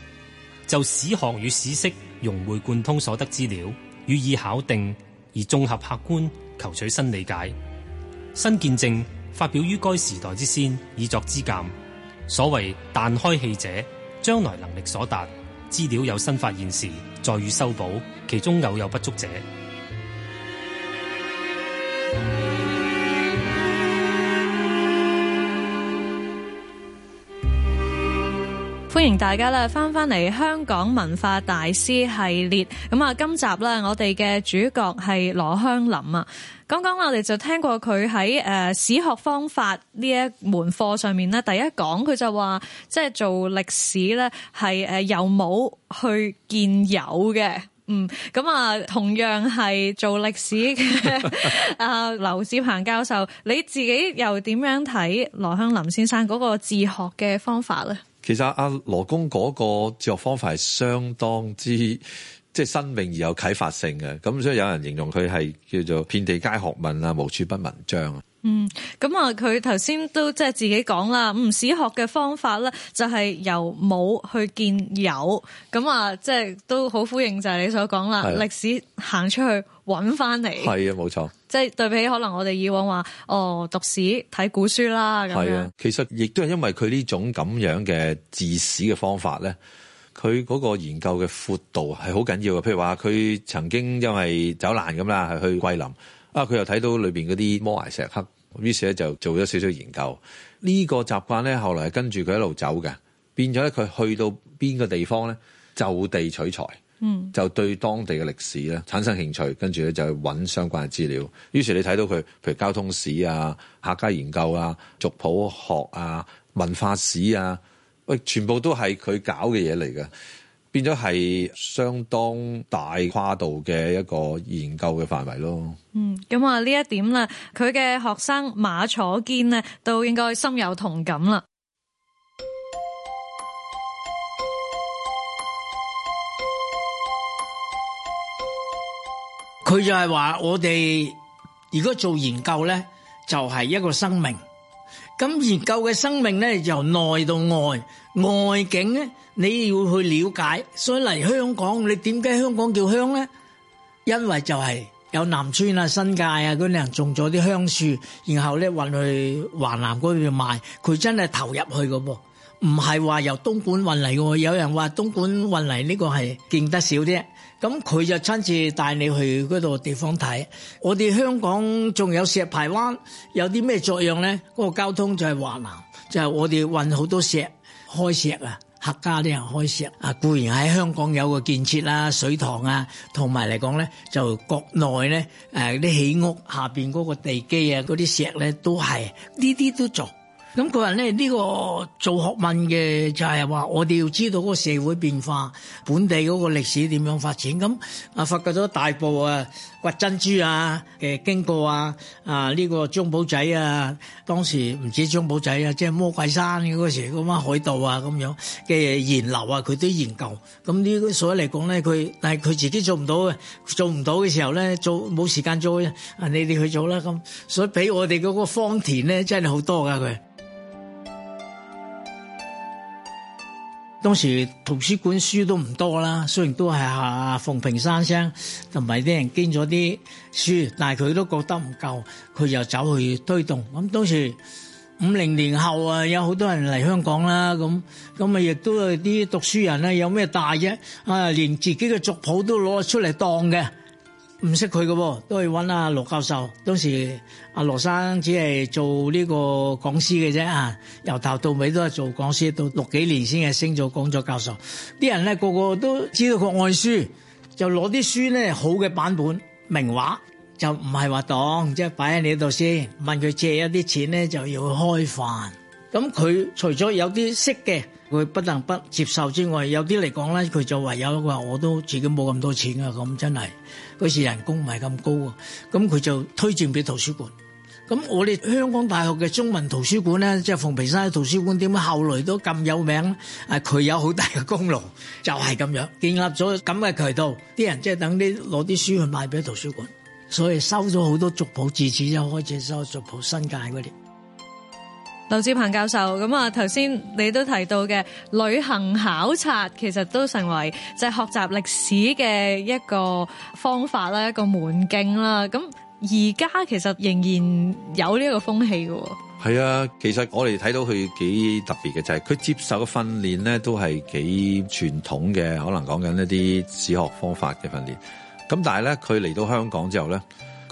就史學與史識融會貫通所得資料，予以考定而綜合客觀。求取新理解、新見證，發表於該時代之先，以作之鑒。所謂但開氣者，將來能力所達，資料有新發現時，再予修補，其中偶有不足者。歡迎大家啦，翻翻嚟香港文化大師系列。咁啊，今集咧，我哋嘅主角係羅香林啊。講講我哋就聽過佢喺誒史學方法呢一門課上面咧，第一講佢就話，即係做歷史咧係誒由冇去見有嘅。嗯，咁啊，同樣係做歷史嘅啊劉志鵬教授，你自己又點樣睇羅香林先生嗰個自學嘅方法咧？其實阿羅公嗰個教學方法係相當之即係、就是、新穎而有啟發性嘅，咁所以有人形容佢係叫做遍地皆學問啊，無處不文章啊。嗯，咁啊，佢頭先都即係自己講啦，唔史學嘅方法咧，就係由冇去見有，咁啊，即係都好呼應就係你所講啦，歷史行出去揾翻嚟。係啊，冇錯，即係對比可能我哋以往話，哦，讀史睇古書啦，係啊，其實亦都係因為佢呢種咁樣嘅治史嘅方法咧，佢嗰個研究嘅闊度係好緊要嘅，譬如話佢曾經因為走難咁啦，係去桂林，啊，佢又睇到裏邊嗰啲摩崖石刻。於是咧就做咗少少研究，呢個習慣咧後來係跟住佢一路走嘅，變咗咧佢去到邊個地方咧就地取材，嗯，就對當地嘅歷史咧產生興趣，跟住咧就去揾相關嘅資料。於是你睇到佢，譬如交通史啊、客家研究啊、族譜學啊、文化史啊，喂，全部都係佢搞嘅嘢嚟嘅。變咗係相當大跨度嘅一個研究嘅範圍咯。嗯，咁啊呢一點咧，佢嘅學生馬楚堅呢，都應該心有同感啦。佢就係話：我哋如果做研究咧，就係、是、一個生命。咁研究嘅生命咧，由內到外，外景咧，你要去了解。所以嚟香港，你點解香港叫香咧？因為就係有南村啊、新界啊嗰啲人種咗啲香樹，然後咧運去華南嗰邊賣，佢真係投入去嘅噃，唔係話由東莞運嚟嘅。有人話東莞運嚟呢個係見得少啲。咁佢就親自帶你去嗰度地方睇。我哋香港仲有石排灣，有啲咩作用咧？嗰、那個交通就係華南，就係、是、我哋運好多石、開石啊，客家啲人開石啊。固然喺香港有個建設啦，水塘啊，同埋嚟講咧，就國內咧誒啲起屋下面嗰個地基啊，嗰啲石咧都係呢啲都做。咁佢話咧呢個做學問嘅就係話，我哋要知道嗰個社會變化，本地嗰個歷史點樣發展。咁啊，發掘咗大埔啊掘珍珠啊嘅經過啊，啊呢個張保仔啊，當時唔止張保仔啊，即係魔鬼山嗰時嗰班海盜啊咁樣嘅源流啊，佢都研究。咁呢，所以嚟講咧，佢但係佢自己做唔到嘅，做唔到嘅時候咧，做冇時間做啊，你哋去做啦咁。所以俾我哋嗰個荒田咧，真係好多噶佢。當時圖書館書都唔多啦，雖然都係阿馮平山生同埋啲人捐咗啲書，但係佢都覺得唔夠，佢又走去推動。咁當時五零年後啊，有好多人嚟香港啦，咁咁咪亦都有啲讀書人咧，有咩大啫？啊，連自己嘅族譜都攞出嚟當嘅。唔識佢嘅，都可以揾阿羅教授。當時阿羅生只係做呢個講師嘅啫，啊，由頭到尾都係做講師，到六幾年先係升咗講座教授。啲人咧，個個都知道佢愛書，就攞啲書咧好嘅版本、名畫，就唔係話當即係擺喺你度先，問佢借一啲錢咧就要開飯。咁佢除咗有啲識嘅，佢不能不接受之外，有啲嚟講咧，佢就唯有話我都自己冇咁多錢啊，咁真係。嗰時人工唔係咁高喎，咁佢就推薦俾圖書館。咁我哋香港大學嘅中文圖書館咧，即係馮平山嘅圖書館，點解後來都咁有名咧？啊，佢有好大嘅功勞，就係咁樣建立咗咁嘅渠道，啲人即係等啲攞啲書去賣俾圖書館，所以收咗好多族譜，自此就開始收族譜新界嗰啲。劉智鵬教授，咁啊，頭先你都提到嘅，旅行考察，其實都成為就係學習歷史嘅一個方法啦，一個門徑啦。咁而家其實仍然有呢一個風氣嘅。係啊，其實我哋睇到佢幾特別嘅，就係、是、佢接受嘅訓練咧，都係幾傳統嘅，可能講緊一啲史學方法嘅訓練。咁但係咧，佢嚟到香港之後咧。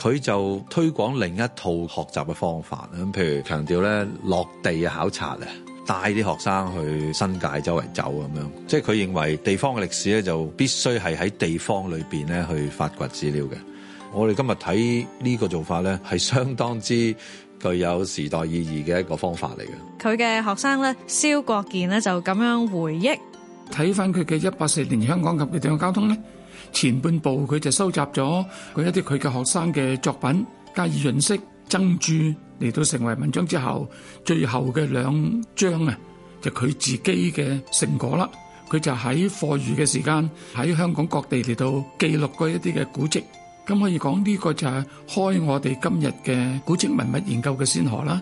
佢就推廣另一套學習嘅方法啦，譬如強調咧落地考察啊，帶啲學生去新界周圍走咁樣，即係佢認為地方嘅歷史咧就必須係喺地方裏邊咧去發掘資料嘅。我哋今日睇呢個做法咧，係相當之具有時代意義嘅一個方法嚟嘅。佢嘅學生咧，蕭國健咧就咁樣回憶，睇翻佢嘅一八四年香港及點樣交通咧。前半部佢就收集咗佢一啲佢嘅學生嘅作品，加以潤色、增注，嚟到成為文章之後，最後嘅兩章啊，就佢自己嘅成果啦。佢就喺課餘嘅時間喺香港各地嚟到記錄嗰一啲嘅古蹟，咁可以講呢個就係開我哋今日嘅古蹟文物研究嘅先河啦。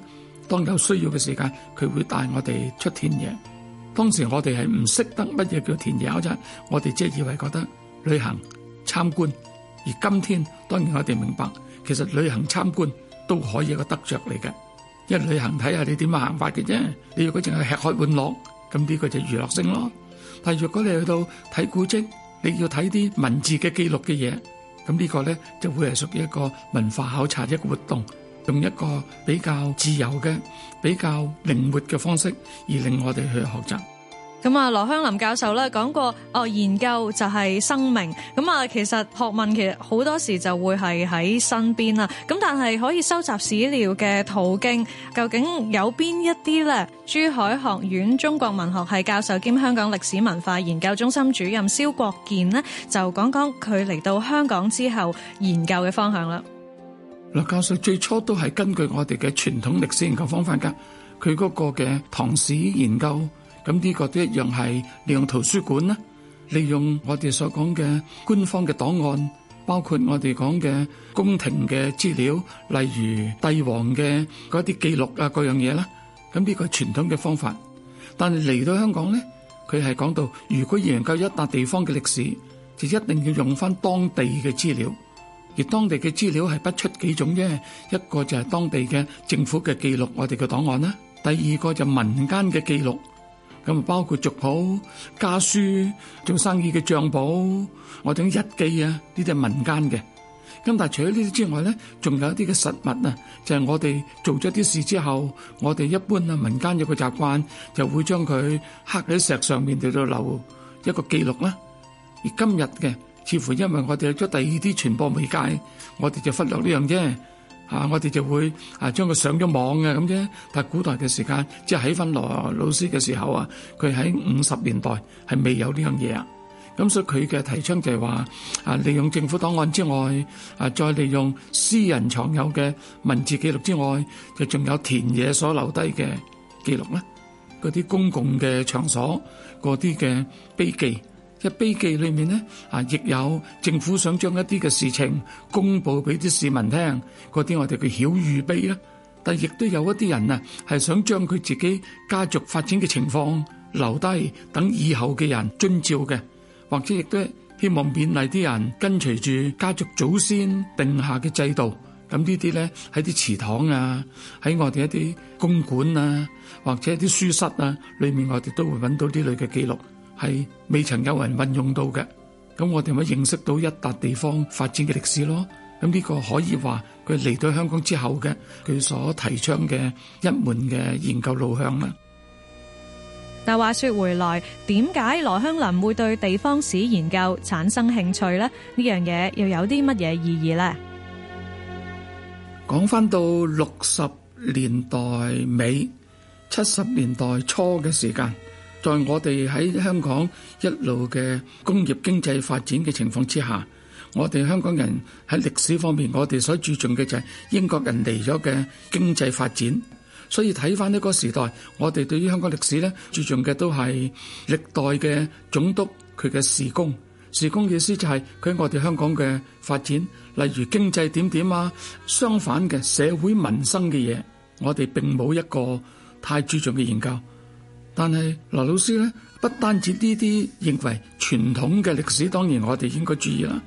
當有需要嘅時間，佢會帶我哋出田野。當時我哋係唔識得乜嘢叫田野嗰陣，我哋即係以為覺得。旅行參觀，而今天當然我哋明白，其實旅行參觀都可以一個得着嚟嘅。一旅行睇下你點樣行法嘅啫，你如果淨係吃喝玩樂，咁呢個就娛樂性咯。但係若果你去到睇古蹟，你要睇啲文字嘅記錄嘅嘢，咁呢個呢，就會係屬於一個文化考察一個活動，用一個比較自由嘅、比較靈活嘅方式，而令我哋去學習。咁啊，羅香林教授咧講過，哦，研究就係生命。咁啊，其實學問其實好多時就會係喺身邊啦。咁但係可以收集史料嘅途徑，究竟有邊一啲咧？珠海學院中國文學系教授兼香港歷史文化研究中心主任蕭國健呢，就講講佢嚟到香港之後研究嘅方向啦。羅教授最初都係根據我哋嘅傳統歷史研究方法噶，佢嗰個嘅唐史研究。咁呢個都一樣係利用圖書館啦，利用我哋所講嘅官方嘅檔案，包括我哋講嘅宮廷嘅資料，例如帝王嘅嗰一啲記錄啊，嗰樣嘢啦。咁呢個係傳統嘅方法，但係嚟到香港呢，佢係講到如果研究一笪地方嘅歷史，就一定要用翻當地嘅資料，而當地嘅資料係不出幾種啫。一個就係當地嘅政府嘅記錄，我哋嘅檔案啦；第二個就民間嘅記錄。咁啊，包括族譜、家書、做生意嘅賬簿，或者日記啊，呢啲係民間嘅。咁但係除咗呢啲之外咧，仲有一啲嘅實物啊，就係我哋做咗一啲事之後，我哋一般啊民間有個習慣，就會將佢刻喺石上面度留一個記錄啦。而今日嘅似乎因為我哋有咗第二啲傳播媒介，我哋就忽略呢樣啫。啊！我哋就會啊，將佢上咗網嘅咁啫。但係古代嘅時間，即係許芬羅老師嘅時候啊，佢喺五十年代係未有呢樣嘢啊。咁所以佢嘅提倡就係話啊，利用政府檔案之外啊，再利用私人藏有嘅文字記錄之外，就仲有田野所留低嘅記錄咧。嗰啲公共嘅場所，嗰啲嘅碑記。喺碑記裏面呢，啊，亦有政府想將一啲嘅事情公布俾啲市民聽，嗰啲我哋叫曉諭碑啦。但亦都有一啲人啊，係想將佢自己家族發展嘅情況留低，等以後嘅人遵照嘅，或者亦都希望勉勵啲人跟隨住家族祖先定下嘅制度。咁呢啲呢，喺啲祠堂啊，喺我哋一啲公館啊，或者一啲書室啊，裏面我哋都會揾到呢類嘅記錄。係未曾有人運用到嘅，咁我哋咪認識到一笪地方發展嘅歷史咯。咁呢個可以話佢嚟到香港之後嘅佢所提倡嘅一門嘅研究路向啦。但係話說回來，點解羅香林會對地方史研究產生興趣呢？呢樣嘢又有啲乜嘢意義呢？講翻到六十年代尾、七十年代初嘅時間。在我哋喺香港一路嘅工業經濟發展嘅情況之下，我哋香港人喺歷史方面，我哋所注重嘅就係英國人嚟咗嘅經濟發展。所以睇翻呢個時代，我哋對於香港歷史咧，注重嘅都係歷代嘅總督佢嘅事功。事功嘅意思就係佢我哋香港嘅發展，例如經濟點點啊，相反嘅社會民生嘅嘢，我哋並冇一個太注重嘅研究。但係，羅老師咧不單止呢啲認為傳統嘅歷史，當然我哋應該注意啦。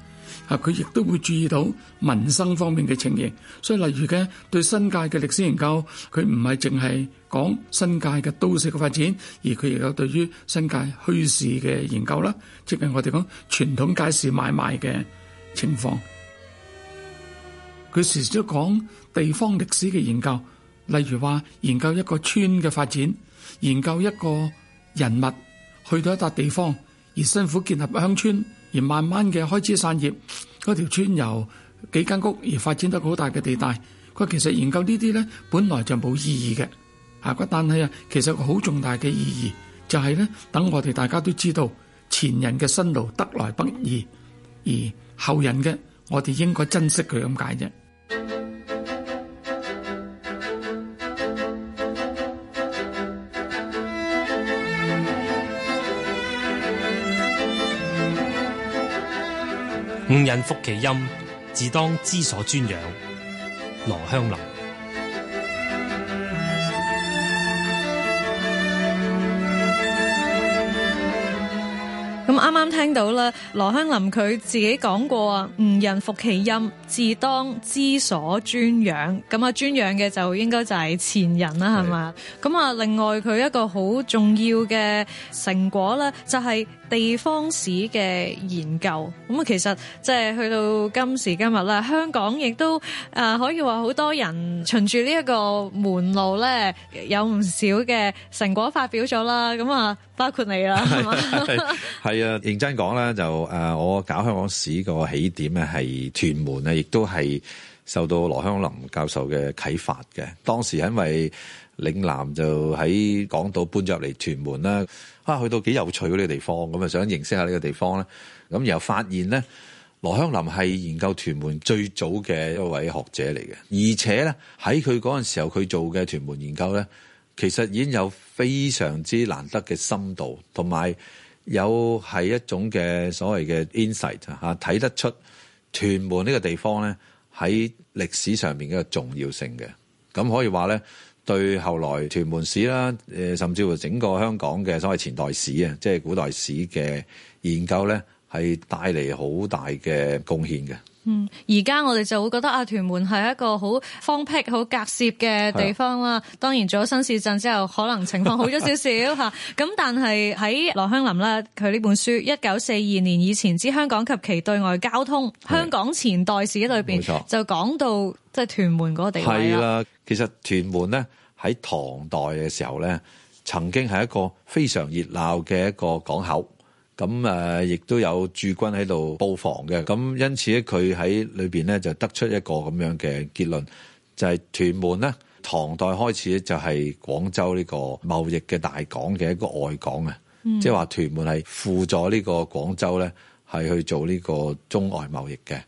啊，佢亦都會注意到民生方面嘅情形。所以例如嘅對新界嘅歷史研究，佢唔係淨係講新界嘅都市嘅發展，而佢亦有對於新界墟市嘅研究啦，即係我哋講傳統街市買賣嘅情況。佢時時都講地方歷史嘅研究，例如話研究一個村嘅發展。研究一個人物去到一笪地方，而辛苦建立鄉村，而慢慢嘅開枝散葉，嗰條村由幾間屋而發展得好大嘅地帶。佢其實研究呢啲咧，本來就冇意義嘅，但係啊，其實個好重大嘅意義就係咧，等我哋大家都知道前人嘅辛勞得來不易，而後人嘅我哋應該珍惜佢咁解啫。吾人福其音，自當知所尊養。羅香林，咁啱啱聽到啦，羅香林佢自己講過啊，吾人福其音，自當知所尊養。咁啊，尊養嘅就應該就係前人啦，係嘛的？咁啊，另外佢一個好重要嘅成果咧，就係、是。地方史嘅研究，咁啊，其實即係去到今時今日啦，香港亦都誒、呃，可以話好多人循住呢一個門路咧，有唔少嘅成果發表咗啦。咁啊，包括你啦，係 啊，啊，啊，認真講咧，就誒，我搞香港史個起點咧係屯門啊，亦都係受到羅香林教授嘅啟發嘅。當時因為嶺南就喺港島搬咗入嚟屯門啦。啊，去到幾有趣嘅呢個地方，咁啊想認識下呢個地方咧。咁然後發現咧，羅香林係研究屯門最早嘅一位學者嚟嘅，而且咧喺佢嗰陣時候佢做嘅屯門研究咧，其實已經有非常之難得嘅深度，同埋有係一種嘅所謂嘅 insight 啊，睇得出屯門呢個地方咧喺歷史上面嘅一個重要性嘅，咁可以話咧。對後來屯門史啦，誒甚至乎整個香港嘅所謂前代史啊，即係古代史嘅研究咧，係帶嚟好大嘅貢獻嘅。嗯，而家我哋就會覺得啊，屯門係一個好荒僻、好隔涉嘅地方啦。的當然做咗新市鎮之後，可能情況好咗少少吓。咁但係喺羅香林啦，佢呢本書《一九四二年以前之香港及其對外交通：香港前代史》裏面就講到即係屯門嗰個地方。係啦，其實屯門呢，喺唐代嘅時候呢，曾經係一個非常熱鬧嘅一個港口。咁誒，亦都有駐軍喺度布防嘅，咁因此咧，佢喺裏邊咧就得出一個咁樣嘅結論，就係屯門咧，唐代開始咧就係廣州呢個貿易嘅大港嘅一個外港啊，即係話屯門係輔助呢個廣州咧，係去做呢個中外貿易嘅，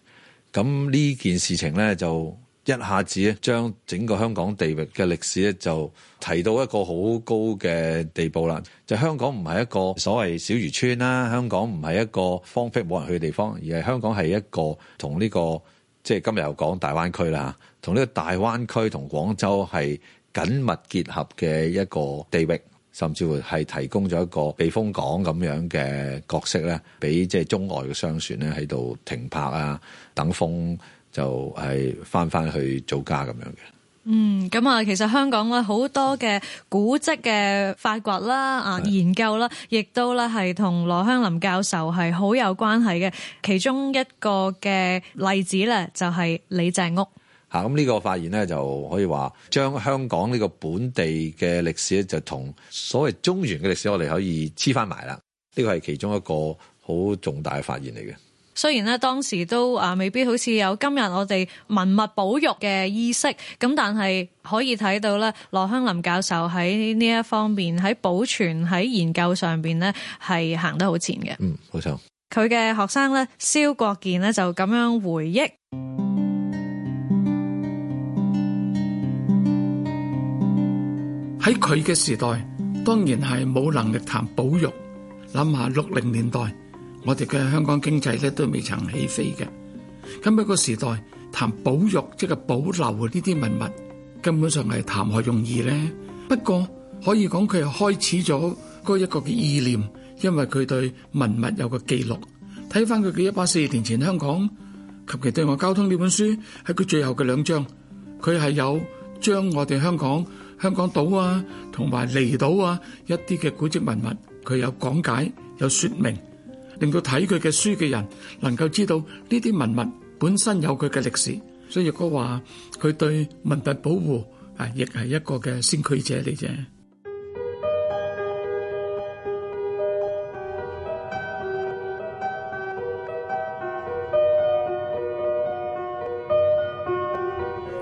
咁呢件事情咧就。一下子咧，將整個香港地域嘅歷史咧，就提到一個好高嘅地步啦。就香港唔係一個所謂小漁村啦，香港唔係一個荒僻冇人去嘅地方，而係香港係一個同呢個即係今日又講大灣區啦，同呢個大灣區同廣州係緊密結合嘅一個地域，甚至乎係提供咗一個避風港咁樣嘅角色咧，俾即係中外嘅商船咧喺度停泊啊、等風。就係翻翻去祖家咁樣嘅。嗯，咁啊，其實香港咧好多嘅古蹟嘅發掘啦、啊研究啦，亦的都咧係同羅香林教授係好有關係嘅。其中一個嘅例子咧，就係李鄭屋。吓、嗯，咁、這、呢個發現咧，就可以話將香港呢個本地嘅歷史咧，就同所謂中原嘅歷史，我哋可以黐翻埋啦。呢、這個係其中一個好重大嘅發現嚟嘅。雖然咧當時都啊未必好似有今日我哋文物保育嘅意識，咁但係可以睇到咧羅香林教授喺呢一方面喺保存喺研究上邊咧係行得好前嘅。嗯，冇錯。佢嘅學生咧，蕭國健呢就咁樣回憶：喺佢嘅時代，當然係冇能力談保育。諗下六零年代。我哋嘅香港經濟咧都未曾起飛嘅，咁一個時代談保育即係保留呢啲文物，根本上係談何容易咧？不過可以講佢係開始咗嗰一個嘅意念，因為佢對文物有個記錄。睇翻佢嘅一八四二年前香港及其對外交通呢本書喺佢最後嘅兩章，佢係有將我哋香港香港島啊同埋離島啊一啲嘅古蹟文物，佢有講解有説明。令到睇佢嘅書嘅人能夠知道呢啲文物本身有佢嘅歷史，所以如果話佢對文物保護，亦係一個嘅先驅者嚟嘅。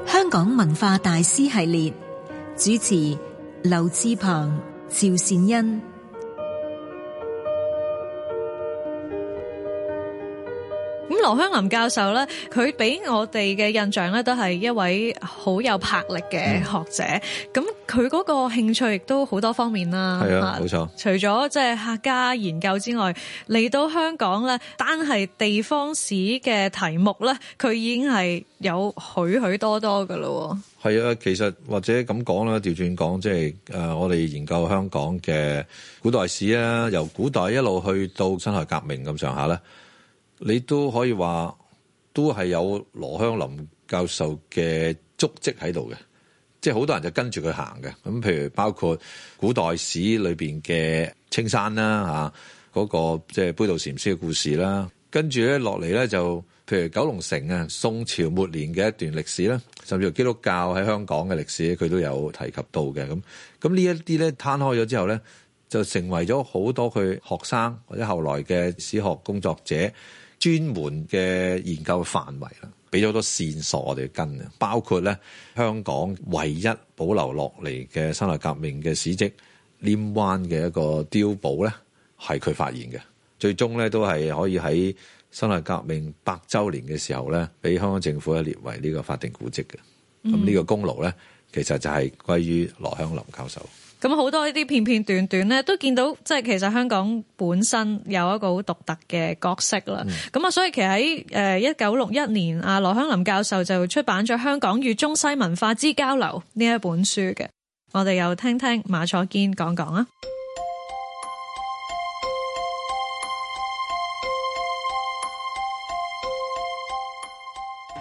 香港文化大師系列主持劉志：劉志鵬、趙善恩。羅香林教授咧，佢俾我哋嘅印象咧，都係一位好有魄力嘅學者。咁佢嗰個興趣亦都好多方面啦。係啊、嗯，冇錯。除咗即係客家研究之外，嚟到香港咧，單係地方史嘅題目咧，佢已經係有許許多多噶啦。係啊，其實或者咁講啦，調轉講即係誒，就是，我哋研究香港嘅古代史啊，由古代一路去到辛亥革命咁上下咧。你都可以話，都係有羅香林教授嘅足跡喺度嘅，即係好多人就跟住佢行嘅。咁譬如包括古代史裏邊嘅青山啦，嗰、那個即係杯渡禪師嘅故事啦，跟住咧落嚟咧就，譬如九龍城啊，宋朝末年嘅一段歷史啦，甚至乎基督教喺香港嘅歷史，佢都有提及到嘅。咁咁呢一啲咧攤開咗之後咧，就成為咗好多佢學生或者後來嘅史學工作者，專門嘅研究範圍啦，俾咗多線索我哋跟啊，包括咧香港唯一保留落嚟嘅辛亥革命嘅史跡，稔灣嘅一個碉堡咧，係佢發現嘅。最終咧都係可以喺辛亥革命百週年嘅時候咧，俾香港政府列為呢個法定古蹟嘅。咁呢個功勞咧，其實就係歸於羅香林教授。咁好多呢啲片片段段咧，都見到即係其實香港本身有一個好獨特嘅角色啦。咁啊、嗯，所以其實喺誒一九六一年啊，羅香林教授就出版咗《香港與中西文化之交流》呢一本書嘅。我哋又聽聽馬楚堅講講啊。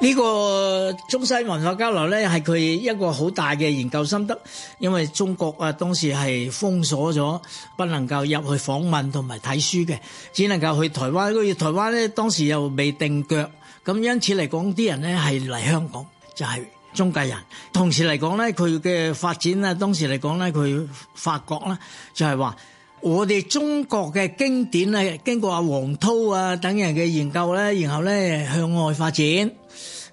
呢個中西文化交流咧，係佢一個好大嘅研究心得。因為中國啊，當時係封鎖咗，不能夠入去訪問同埋睇書嘅，只能夠去台灣。因為台灣咧，當時又未定腳，咁因此嚟講，啲人咧係嚟香港就係中介人。同時嚟講咧，佢嘅發展啊，當時嚟講咧，佢發覺咧，就係話我哋中國嘅經典咧，經過阿黃濤啊等人嘅研究咧，然後咧向外發展。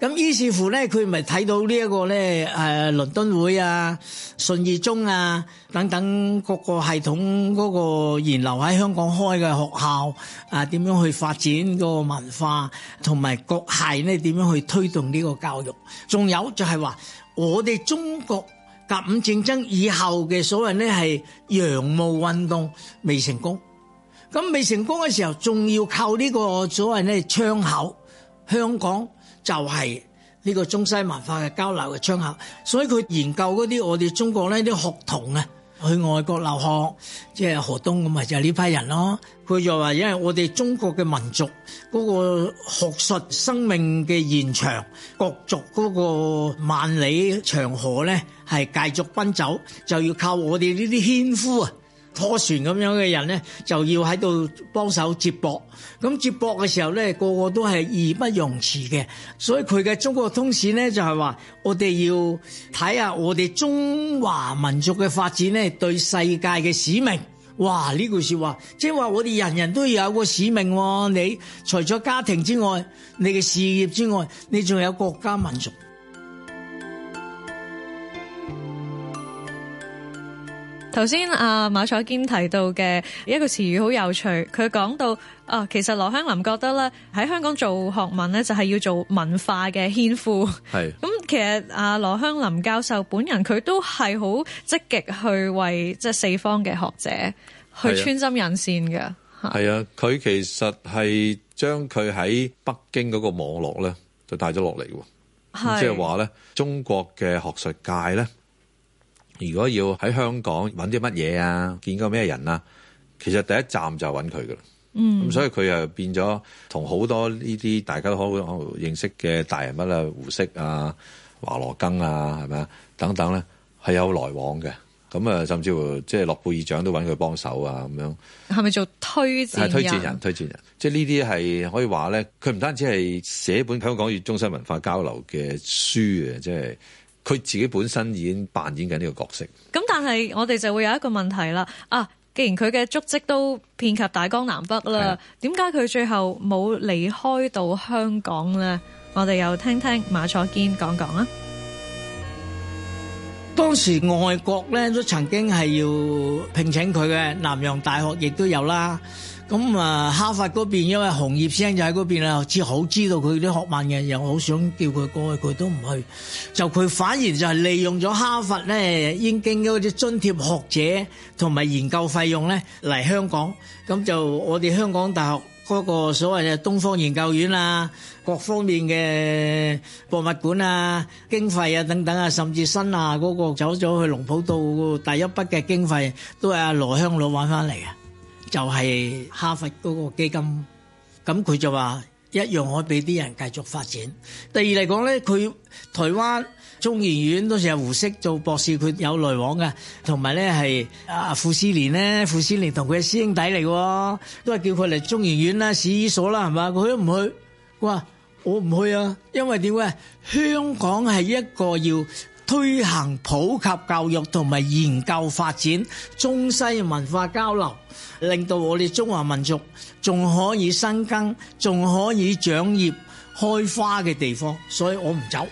咁於是乎咧，佢咪睇到呢一個咧，誒倫敦會啊、信義中啊等等各個系統嗰個源流喺香港開嘅學校啊，點樣去發展個文化，同埋國系咧點樣去推動呢個教育？仲有就係話，我哋中國甲午戰爭以後嘅所謂咧係洋務運動未成功，咁未成功嘅時候，仲要靠呢個所謂咧窗口香港。就係呢個中西文化嘅交流嘅窗口，所以佢研究嗰啲我哋中國呢啲學童啊，去外國留學，即係河東咁，咪就係呢批人咯。佢就話，因為我哋中國嘅民族、嗰個學術生命嘅延長，國族嗰個萬里長河咧，係繼續奔走，就要靠我哋呢啲先夫啊。拖船咁樣嘅人呢，就要喺度幫手接駁。咁接駁嘅時候呢，個個都係義不容辭嘅。所以佢嘅中國通史呢，就係話，我哋要睇下我哋中華民族嘅發展呢，對世界嘅使命。哇！呢句說話，即係話我哋人人都要有個使命啊。你除咗家庭之外，你嘅事業之外，你仲有國家民族。頭先阿馬楚堅提到嘅一個詞語好有趣，佢講到啊，其實羅香林覺得咧，喺香港做學問咧就係、是、要做文化嘅縴夫。係咁的、嗯，其實啊羅香林教授本人佢都係好積極去為即係、就是、四方嘅學者去穿針引線嘅。係啊的，佢其實係將佢喺北京嗰個網絡咧就帶咗落嚟，即係話咧，中國嘅學術界咧。如果要喺香港揾啲乜嘢啊，見過咩人啊，其實第一站就揾佢噶啦。嗯。咁所以佢又變咗同好多呢啲大家都好認識嘅大人物啦，胡適啊、華羅庚啊，係咪啊？等等咧係有來往嘅。咁啊，甚至乎即係諾貝爾獎都揾佢幫手啊，咁樣。係咪做推薦人？係推薦人，推薦人。即係呢啲係可以話咧，佢唔單止係寫本香港與中西文化交流嘅書啊，即係。佢自己本身已經扮演緊呢個角色。咁但係我哋就會有一個問題啦。啊，既然佢嘅足跡都遍及大江南北啦，點解佢最後冇離開到香港呢？我哋又聽聽馬楚堅講講啊。當時外國呢都曾經係要聘請佢嘅，南洋大學亦都有啦。咁啊，哈佛嗰邊，因為洪業先生就喺嗰邊啊，好似好知道佢啲學問嘅，又好想叫佢過去，佢都唔去。就佢反而就係利用咗哈佛咧應經燕京嗰啲津貼學者同埋研究費用咧嚟香港。咁就我哋香港大學嗰個所謂嘅東方研究院啊，各方面嘅博物館啊經費啊等等啊，甚至新亞嗰個走咗去農圃道第一筆嘅經費，都係阿羅香老揾翻嚟啊！就係哈佛嗰個基金，咁佢就話一樣可以俾啲人繼續發展。第二嚟講咧，佢台灣中研院當時阿胡適做博士，佢有來往嘅，同埋咧係啊傅斯年咧，傅斯年同佢嘅師兄弟嚟喎，都係叫佢嚟中研院啦、史語所啦，係嘛？佢都唔去，佢話我唔去啊，因為點解？香港係一個要推行普及教育同埋研究發展中西文化交流，令到我哋中華民族仲可以生根，仲可以長葉開花嘅地方，所以我唔走。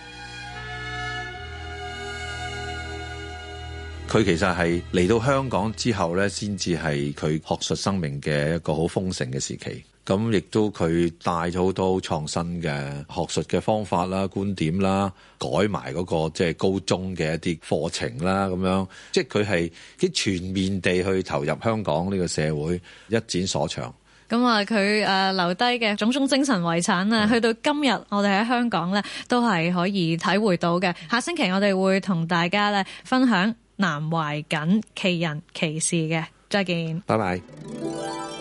佢其實係嚟到香港之後咧，先至係佢學術生命嘅一個好豐盛嘅時期。咁亦都佢帶咗好多很創新嘅學術嘅方法啦、觀點啦，改埋嗰個即係高中嘅一啲課程啦，咁樣即係佢係全面地去投入香港呢個社會，一展所長。咁啊，佢誒留低嘅種種精神遺產啊，去、嗯、到今日我哋喺香港呢都係可以體會到嘅。下星期我哋會同大家咧分享南懷瑾其人其事嘅，再見，拜拜。